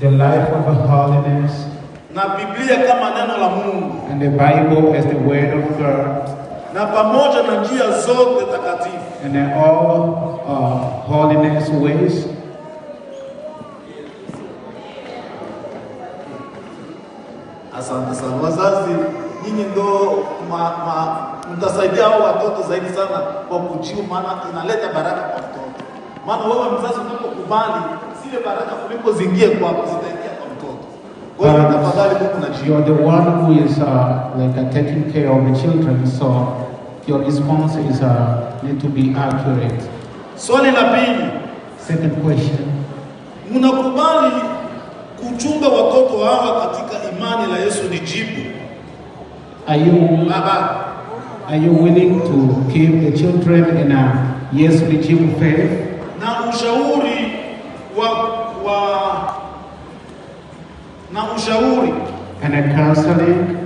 the life of a holiness, na Biblia kama neno la Mungu, and the Bible as the word of God, na pamoja na njia zote takatifu, and in all uh, holiness ways. Asante sana wazazi, nyinyi ndo ma, ma, mtasaidia hao watoto zaidi sana kwa kujiu, maana inaleta baraka kwa mtoto. Maana wewe mzazi unapokubali zile baraka kuliko zingie kwako zitaingia kwa mtoto. Kwa hiyo tafadhali, Mungu na you are the one who is uh, like uh, taking care of the children so your response is uh, need to be accurate. Swali la pili. Second question. Mnakubali kuchunga watoto hawa katika imani la Yesu ni jibu. Are you Baba, ah, ah. are you willing to keep the children in a yes Yesu ni jibu faith? na ushauri and a counseling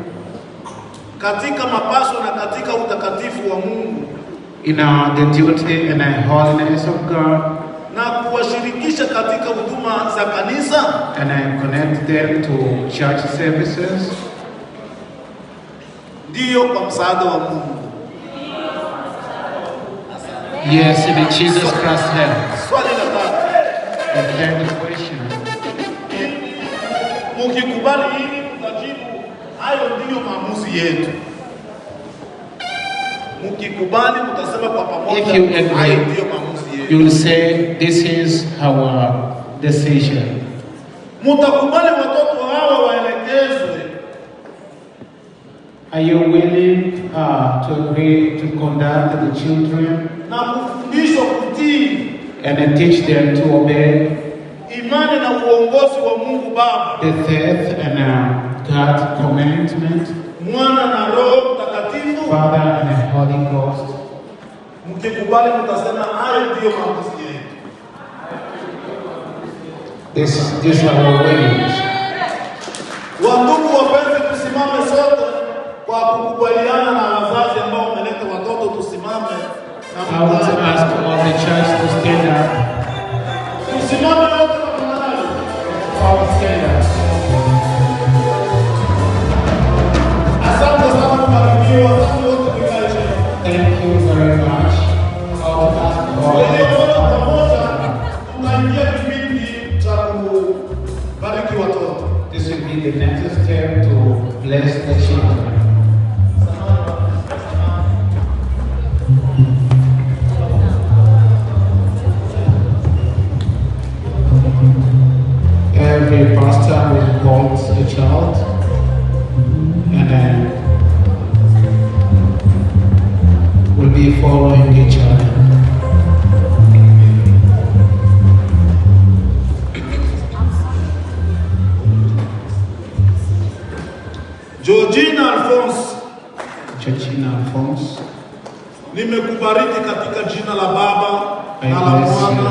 katika mapaso na katika utakatifu wa Mungu in our, the duty and the holiness of God na kuwashirikisha katika huduma za kanisa and I connect them to church services ndiyo kwa msaada wa Mungu Yes, in Jesus Christ's name. Swali la tatu. Mkikubali hili mtajibu, hayo ndiyo maamuzi yetu. Mkikubali mtasema kwa pamoja, hayo ndiyo maamuzi yetu. You will say this is our decision. Mtakubali watoto hawa waelekezwe. Are you willing uh, to agree to conduct the children na kufundishwa kutii and teach them to obey? imani na uongozi wa Mungu Baba, the faith and uh, God commandment, mwana na Roho Mtakatifu, Father and the Holy Ghost. Mkikubali mtasema hayo ndiyo maamuzi yetu. This, this is our ways. Wandugu wapenzi, tusimame sote kwa kukubaliana na wazazi ambao wameleta watoto, tusimame na mtaji. I want to ask all the church This will be the next step to bless the children. Every pastor will call a child and uh, will be following each other. Alphonse. Chachina Alphonse. Nimekubariki katika jina la Baba na la Mwana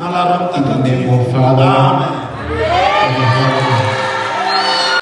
na la Roho Mtakatifu. Amen.